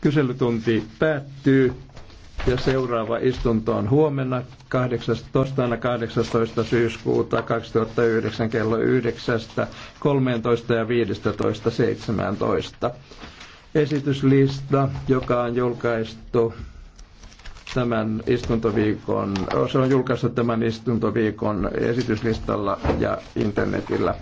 Kyselytunti päättyy ja seuraava istunto on huomenna 18. 18. syyskuuta 2009 kello 9, 13 ja 15, 17. Esityslista, joka on julkaistu tämän istuntoviikon, se on julkaistu tämän istuntoviikon esityslistalla ja internetillä.